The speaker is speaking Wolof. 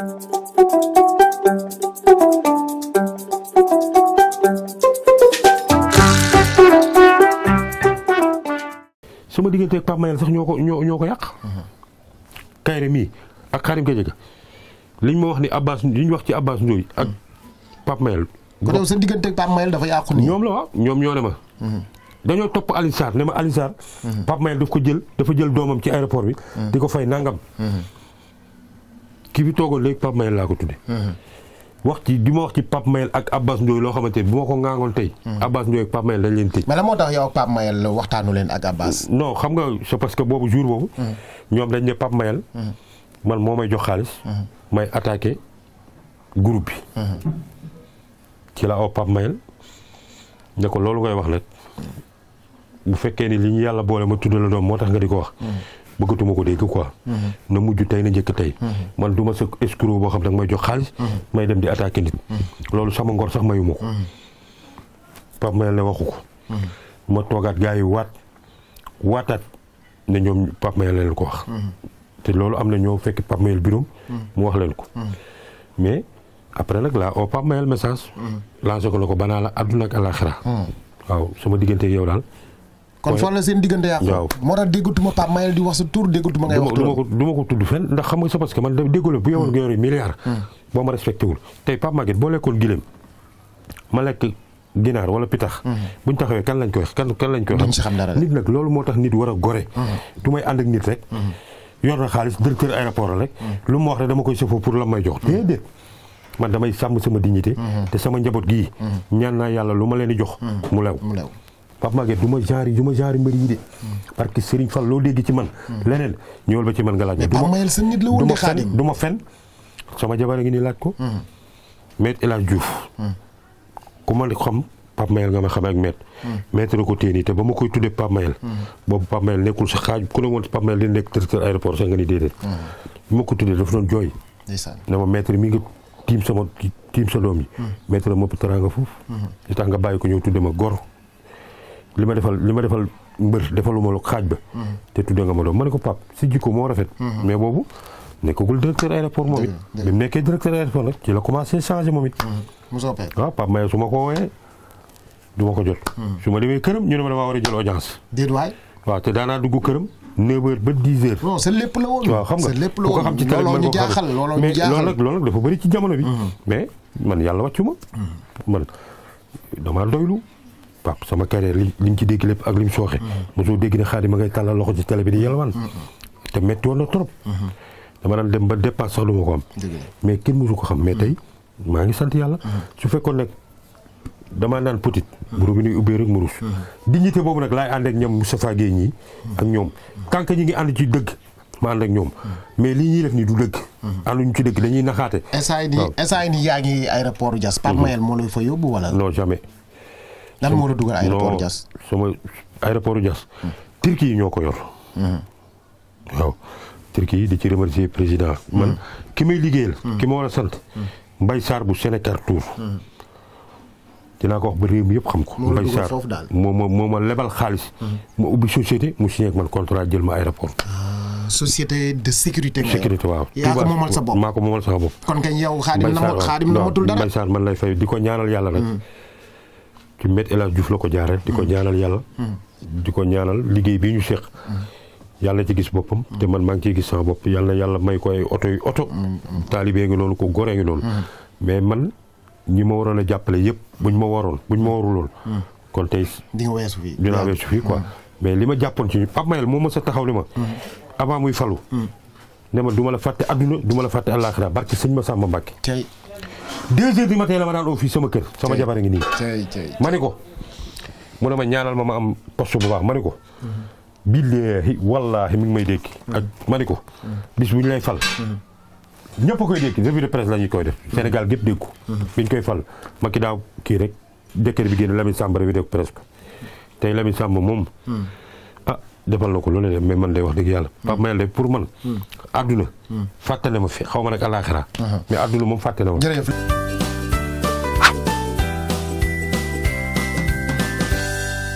sama digganteeg Pape Mayel sax ñoo ko ñoo ñoo ko yàq. Mhm. Kayre mii ak Karim Gadiaga liñ ma wax ni Abbas liñ wax ci Abbas Ndoye ak mhm. Pape Mayel. kon yow sa digganteeg Pape Mayel dafa yàqu nii. ñoom la waaw ñoom ñoo ne ma. Mhm. dañoo topp Alioune Sarr ne ma Alioune Sarr. Pape daf ko jël dafa jël doomam ci aéroport bi. di ko fay nangam. kii bi toogoon léegi Pape Mayel laa ko tudde mm-hmm. wax ci di ma wax ci Pape Mayel ak Abbas Ndoye loo xamante bu ma ko ŋaangoon tey. Mm-hmm. Abbas Ndoye ak Pape Mayel dañ leen tëj. mais la moo tax yow ak Pape Mayel waxtaanu leen ak Abbas. non xam nga c'est parce que boobu jour boobu. Mm-hmm. ñoom dañ ne man moo may jox xaalis. may attaque groupe bi. ci la oo Pape Mayel ko loolu ngay wax nag bu fekkee ni li yàlla boole ma tudd la doom moo tax nga di ko wax. bëggatuma ko dégg quoi mm-hmm. na mujj tey na njëkk tey mm-hmm. man du ma sa escroc boo xam da nga may jox xaalis mm-hmm. may dem di attaquer nit loolu sama ngor sax mayuma ko Pape Mayel ne waxu ko ma toogaat gars yi waat waataat ne ñoom Pape Mayel leen ko wax te loolu am na ñoo fekk Pape Mayel mu wax leen ko mais après nag laa oo Pape Mayel message lancé ko na ko banaa la àdduna ak àllaaxira waaw sama diggante yow daal kon foog na seen diggante yàqu. waaw moo tax déggatuma Pape Mayel du ma ko tudd fenn ndax xam nga c'est parce que man déggoo la bu yowoon nga yore milliard. Hmm. Hmm. boo ma respecté wul tey Pape Maguette boo lekkoon gileem ma lekk ginaar wala pitax. Hmm. buñ taxawee kan lañ koy kenn kan lañ koy. duñ si xam dara nit nag loolu moo tax nit war a gore. du may ànd ak nit rek. yor na xaalis directeur aéroport rek. lu ma wax rek dama koy sëfoo pour la may jox. déedéet man damay sàmm sama dignité. te sama njaboot gii. ñaan naa yàlla lu ma leen di jox. mu lew mu lew. Pape Maguette du ma genre du ma genre mbëri yi de mm. parce que Serigne Fall loo dégg ci man mm. leneen ñëwal ba ci man nga laaj ma du ma fen sama jabar a ngi nii laaj ko mm. maître El Hadj Diouf ku ma xam Pape Mayel nga ma xamee ak maître maître ko téeni te ba ma koy tuddee Pape Mayel boobu Pape Mayel nekkul sa xaaj ku ne woon Pape Mayel dina nekk directeur aéroport sax nga ni déedéet bi ma ko tuddee dafa doon jooy ne ma maître mi nga tiim sama tiim sa doom yi maître moo nga bàyyi ko ñëw ma gor li ma defal li ma defal mbër defaluma lu xaaj ba. Mm-hmm. te tuddee nga ma doom ma ne ko Pape si jikko moo rafet. Mm-hmm. mais boobu nekkagul directeur aéroport moom it. bi mu nekkee directeur aéroport nag ci la commencé changé moom it. mu mm-hmm. waaw ah, Pape Maye su ma ko wooyee du ma ko jot. su ma demee këram ñu ne ma damaa war a jël audience. déet waay waaw te daanaa dugg këram. 9h ba 10h. non c'est lépp la woon. waaw xam nga ku ko xam ci télé dafa bëri ci jamono bi. mais man yàlla wàccu ma. man damaa doylu. pap sama carrière li liñ ci dégg lépp ak lim sooxe. Mm-hmm. mosoo dégg ne xaadim ma ngay tàllal loxo ci télé bi di yalwaan. Mm-hmm. te métti woon na trop. Mm-hmm. dama daan dem ba dépasse sax du ma ko am. mais kenn mosu ko xam mais tey maa ngi sant yàlla. su fekkoon nag damaa naan petit. bu robinet bi ubbee rek mu rus. dignité boobu nag laay ànd ak ñoom Moustapha Guèye ñii. ak ñoom tant que ñu ngi ànd ci dëgg. ma ànd ak ñoom mais li ñuy def nii du dëgg. ànduñu ci dëgg dañuy naxaate. waaw instant yaa ngi aéroport Diass. Pape Mayel moo lay fa yóbbu wala. non jamais. lan moo la dugal aéroport Diass sama aéroport hmm. turki yi ñoo ko yor. Hmm. waaw turki yi di ci remercier président. Hmm. man ki may liggéeyal. ki ma war a sant. Mbaye Sarr bu Sénégal Tour. dinaa ko wax ba réew mi yëpp xam ko. Mbaye Sarr moo ma moo ma lebal xaalis. ma ubbi société mu signé ak man contrat jël ma aéroport. Ah, société de sécurité. sécurité waaw yaa ko moomal sa bopp a ko moomal sa bopp. kon kañ yow xaadim man lay fay di ko ñaanal yàlla rek. ci Me El Hadji la ko jaare di ko ñaanal yàlla di ko ñaanal liggéey bii ñu seq yàlla ci gis boppam te man maa ngi ciy gis sama bopp yàlla yàlla may ko ay oto yu oto taalibee ngi noonu ko goree ngi noonu mais man ñi ma waroon a jàppale yëpp buñ ma waroon buñ ma waruloon kon tey di nga weesu fii dinaa mais li ma jàppoon ci ñu Pape Mayel moo ma sa taxaw ni ma avant muy falu ne ma du ma la fàtte adduna du la fàtte àllaaxira barke sëñ ma Samba Mbàkke deux heures ma matin la ma daan oo fii sama kër sama jabar a ngi nii ma ni ko mu ne ma ñaanal ma ma am poste bu baax ma ko ko billaahi wallaahi mi ngi may dégg mm-hmm. ak ma ni ko mm-hmm. bis bu lay fal mm-hmm. ñëpp a koy dégg revue de presse la ñu koy def Sénégal gépp dégg ko bi ñu koy fal ma ki daaw kii rek décret bi génn Lamine Samb revue de presse ko tey Lamine Samb moom ah defal na ko lu ne de mais man day wax dëgg yàlla Pape Mayel de pour man àdduna fàttale ma fi xaw ma nag àllaaxira uh-huh. mais àdduna